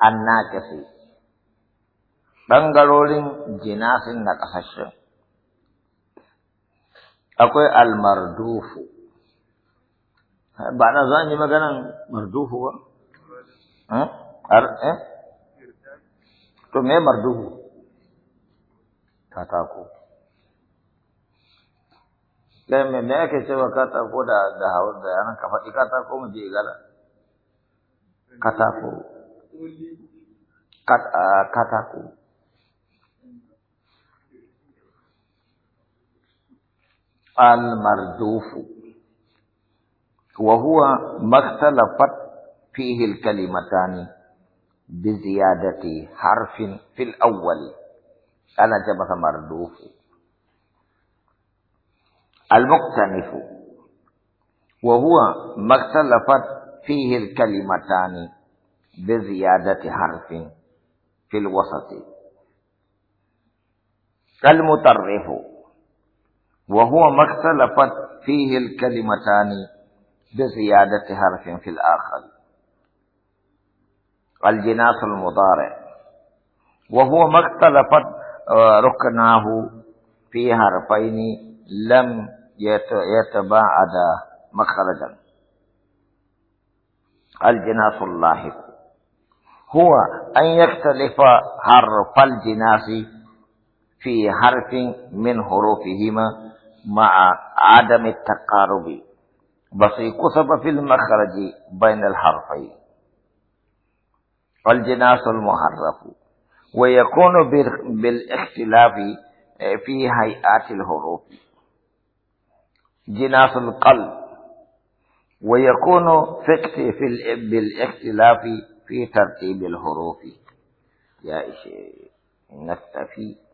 annakisi bangarorin jinasin na kasashen akwai almardufu ba na za yi maganan mardufu ba to me mardufu katako dan me me ake cewa katako da da hawar da yaran kafa katako mu je gada? katako Uh, kataku. المردوف وهو ما اختلفت فيه الكلمتان بزيادة حرف في الأول أنا جبت مردوف المقتنف وهو ما اختلفت فيه الكلمتان بزيادة حرف في الوسط كالمطرف وهو ما اختلفت فيه الكلمتان بزيادة حرف في الآخر الجناس المضارع وهو ما اختلفت آه، ركناه في حرفين لم يتباعدا مخرجا الجناس اللاحق هو أن يختلف حرف الجناس في حرف من حروفهما مع عدم التقارب بس كسب في المخرج بين الحرفين الجناس المحرف ويكون بالاختلاف في هيئات الحروف جناس القلب ويكون في بالاختلاف في ترتيب الحروف يا إشي نكتفي